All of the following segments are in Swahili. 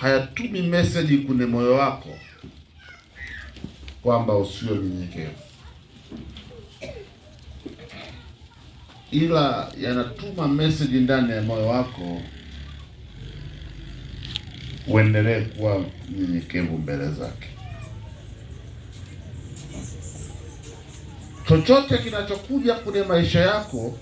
hayatumi message kwenye moyo wako kwamba usiwe mnyenyekevu, ila yanatuma message ndani ya moyo wako uendelee kuwa mnyenyekevu mbele zake. Chochote kinachokuja kwenye maisha yako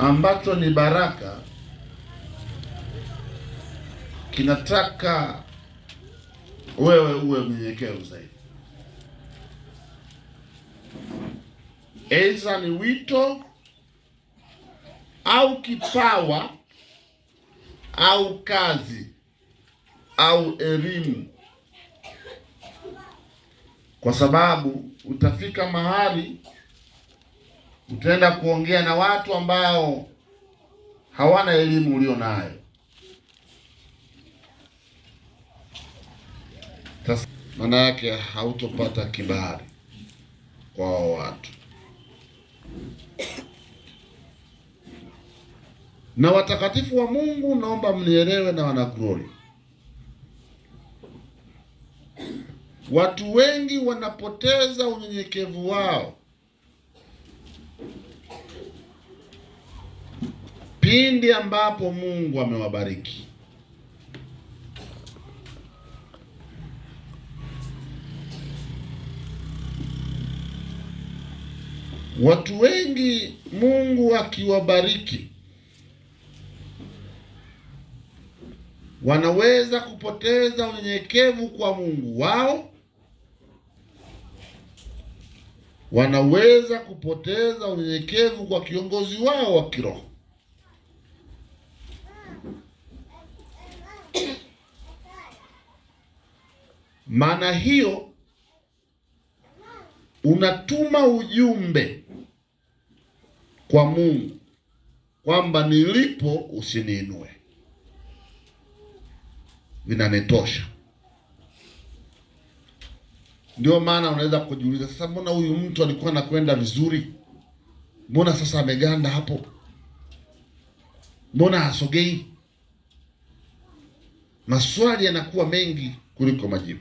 ambacho ni baraka kinataka wewe uwe mnyenyekevu zaidi. eza ni wito au kipawa au kazi au elimu, kwa sababu utafika mahali utaenda kuongea na watu ambao hawana elimu ulio nayo. Maana yake hautopata kibali kwa watu, na watakatifu wa Mungu naomba mnielewe, na wanagroli watu wengi wanapoteza unyenyekevu wao pindi ambapo Mungu amewabariki. Watu wengi Mungu akiwabariki wanaweza kupoteza unyenyekevu kwa Mungu wao, wanaweza kupoteza unyenyekevu kwa kiongozi wao wa kiroho. Maana hiyo unatuma ujumbe kwa Mungu kwamba nilipo usiniinue, vinanitosha. Ndio maana unaweza kujiuliza sasa, mbona huyu mtu alikuwa anakwenda vizuri, mbona sasa ameganda hapo, mbona hasogei? Maswali yanakuwa mengi kuliko majibu.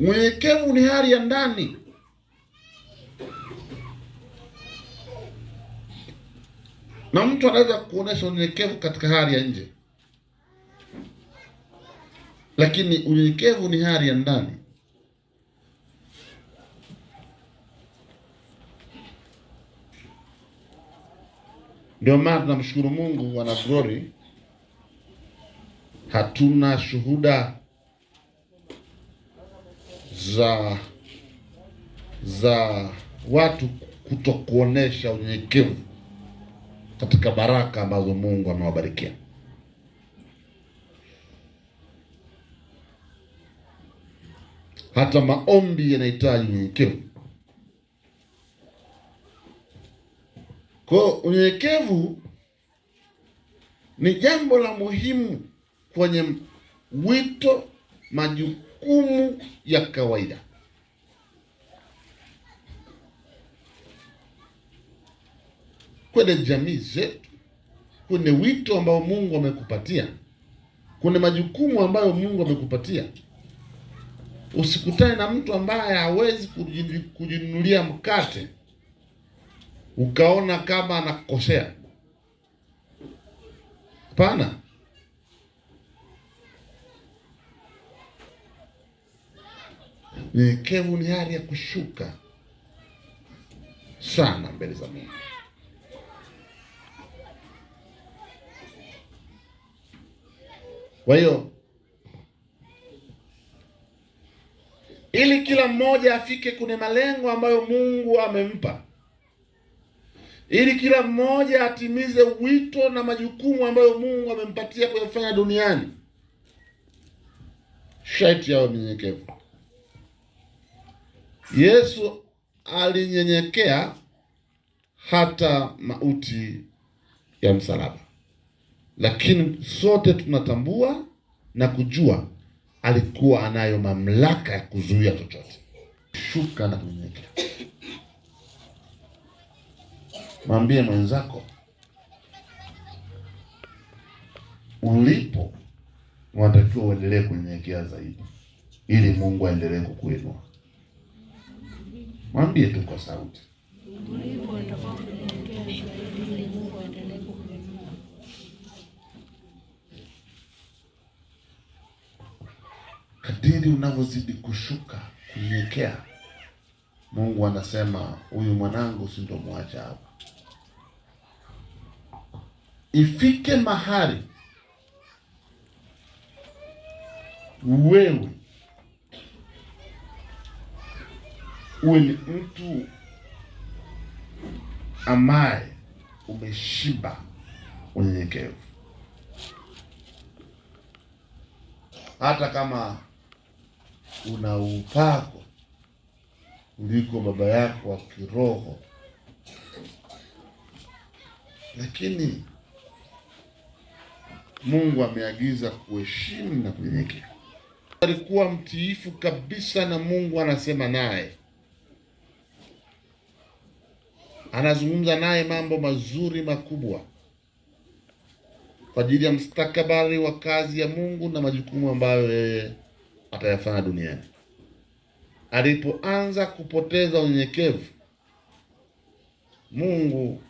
Unyenyekevu ni hali ya ndani. Na mtu anaweza kuonesha unyenyekevu katika hali ya nje, lakini unyenyekevu ni hali ya ndani. Ndio maana tunamshukuru Mungu, wana Glory, hatuna shuhuda za za watu kutokuonesha unyenyekevu katika baraka ambazo Mungu amewabarikia. Hata maombi yanahitaji unyenyekevu. Kwa unyenyekevu ni jambo la muhimu kwenye wito, majukumu majukumu ya kawaida. Kwenye jamii zetu kwenye wito ambao Mungu amekupatia, kwenye majukumu ambayo Mungu amekupatia. Usikutane na mtu ambaye hawezi kujinunulia mkate ukaona kama anakosea Hapana. Nyenyekevu ni hali ya kushuka sana mbele za Mungu. Kwa hiyo ili kila mmoja afike kwenye malengo ambayo Mungu amempa, ili kila mmoja atimize wito na majukumu ambayo Mungu amempatia kuyafanya duniani, sharti yawe mnyenyekevu. Yesu alinyenyekea hata mauti ya msalaba, lakini sote tunatambua na kujua alikuwa anayo mamlaka ya kuzuia chochote. Shuka na kunyenyekea, mwambie mwenzako ulipo, unatakiwa uendelee kunyenyekea zaidi, ili Mungu aendelee kukuinua. Mwambie tu kwa sauti. Kadiri unavyozidi kushuka kunyenyekea, Mungu anasema huyu mwanangu sindomwacha hapa. Ifike mahali wewe uwe ni mtu ambaye umeshiba unyenyekevu, hata kama una upako kuliko baba yako wa kiroho, lakini Mungu ameagiza kuheshimu na kunyenyekea. Alikuwa mtiifu kabisa na Mungu anasema naye anazungumza naye mambo mazuri makubwa kwa ajili ya mstakabali wa kazi ya Mungu na majukumu ambayo yeye atayafanya duniani. Alipoanza kupoteza unyenyekevu, Mungu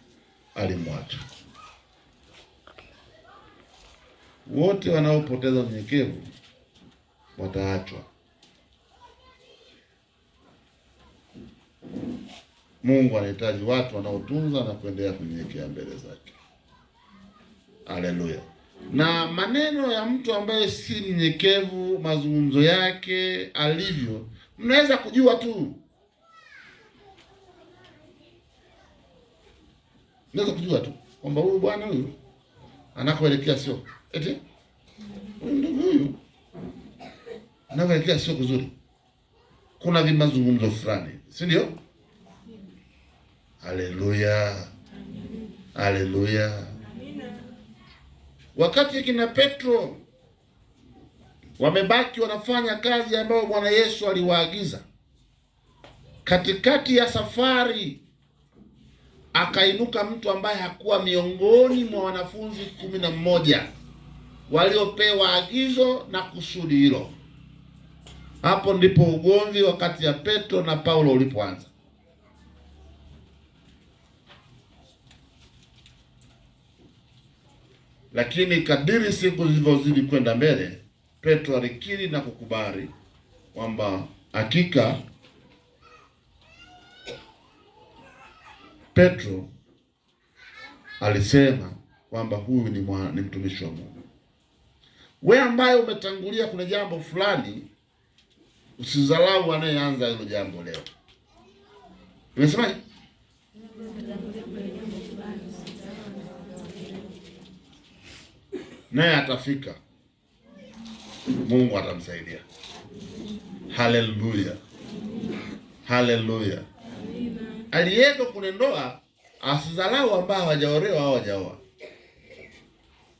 alimwacha. Wote wanaopoteza unyenyekevu wataachwa. Mungu anahitaji watu wanaotunza na kuendelea kunyenyekea mbele zake. Haleluya! Na maneno ya mtu ambaye si mnyenyekevu, mazungumzo yake alivyo, mnaweza kujua tu, mnaweza kujua tu kwamba huyu bwana huyu anakoelekea sio eti, huyu ndugu huyu anakoelekea sio kuzuri. Kuna vimazungumzo fulani, si ndio? Haleluya, haleluya. Wakati kina Petro wamebaki wanafanya kazi ambayo Bwana Yesu aliwaagiza, katikati ya safari akainuka mtu ambaye hakuwa miongoni mwa wanafunzi kumi na mmoja waliopewa agizo na kusudi hilo. Hapo ndipo ugomvi wakati ya Petro na Paulo ulipoanza. Lakini kadiri siku zilivyozidi kwenda mbele, Petro alikiri na kukubali kwamba hakika Petro alisema kwamba huyu ni, mwa, ni mtumishi wa Mungu. We ambaye umetangulia kuna jambo fulani, usizalau anayeanza hilo jambo leo. Imesemaje? naye atafika, Mungu atamsaidia. Haleluya, haleluya. Aliyeko kwenye ndoa asidharau ambao hawajaolewa au hawajaoa,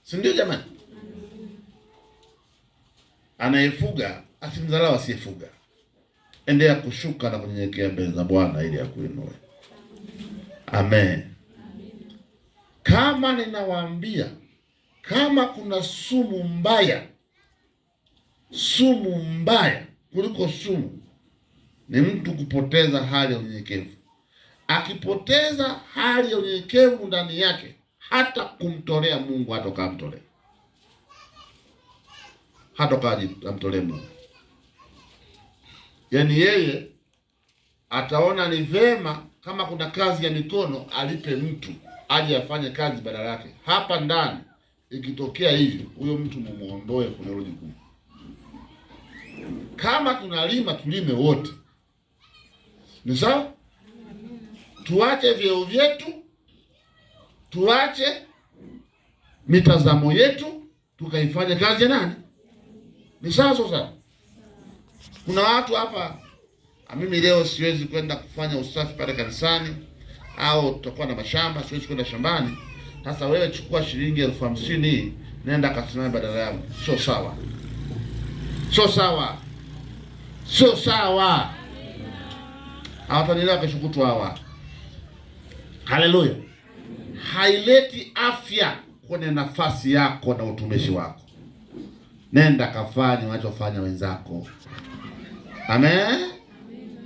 si ndio jamani? Anayefuga asimzalau asiyefuga, endea kushuka na kunyenyekea mbele za Bwana ili akuinue. Amen. Kama ninawaambia kama kuna sumu mbaya, sumu mbaya kuliko sumu ni mtu kupoteza hali ya unyenyekevu. Akipoteza hali ya unyenyekevu ndani yake, hata kumtolea Mungu hatokaa amtolee, Mungu. Yaani yeye ataona ni vema kama kuna kazi ya mikono alipe mtu aje afanye kazi badala yake. Hapa ndani ikitokea hivyo, huyo mtu mumuondoe kwenye hilo jukumu. Kama tunalima tulime wote, ni sawa. Tuache vyeo vyetu, tuache mitazamo yetu, tukaifanya kazi ya nani? Ni sawa sawa. Kuna watu hapa, mimi leo siwezi kwenda kufanya usafi pale kanisani, au tutakuwa na mashamba, siwezi kwenda shambani sasa wewe chukua shilingi elfu hamsini nenda kasimame badala yangu. Sio sawa, sio sawa, sio sawa. Hawatanielewa kesho kutwa hawa. Haleluya! haileti afya kwenye nafasi yako na utumishi wako. Nenda kafanye unachofanya wenzako. Amen,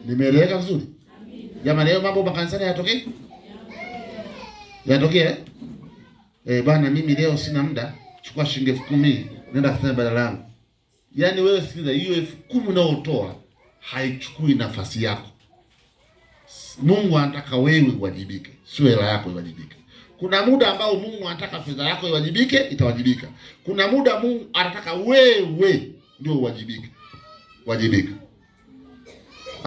nimeeleweka vizuri jamani? Hayo mambo makanisani yatokee, yatokee eh, bwana mimi leo sina muda, chukua shilingi elfu kumi nenda kufanya badala yangu. Yaani wewe sikiliza, hiyo elfu kumi unayotoa haichukui nafasi yako. Mungu anataka wewe uwajibike, sio hela yako iwajibike. Kuna muda ambao Mungu anataka fedha yako iwajibike, itawajibika. Kuna muda Mungu anataka wewe ndio uwajibike, wajibika.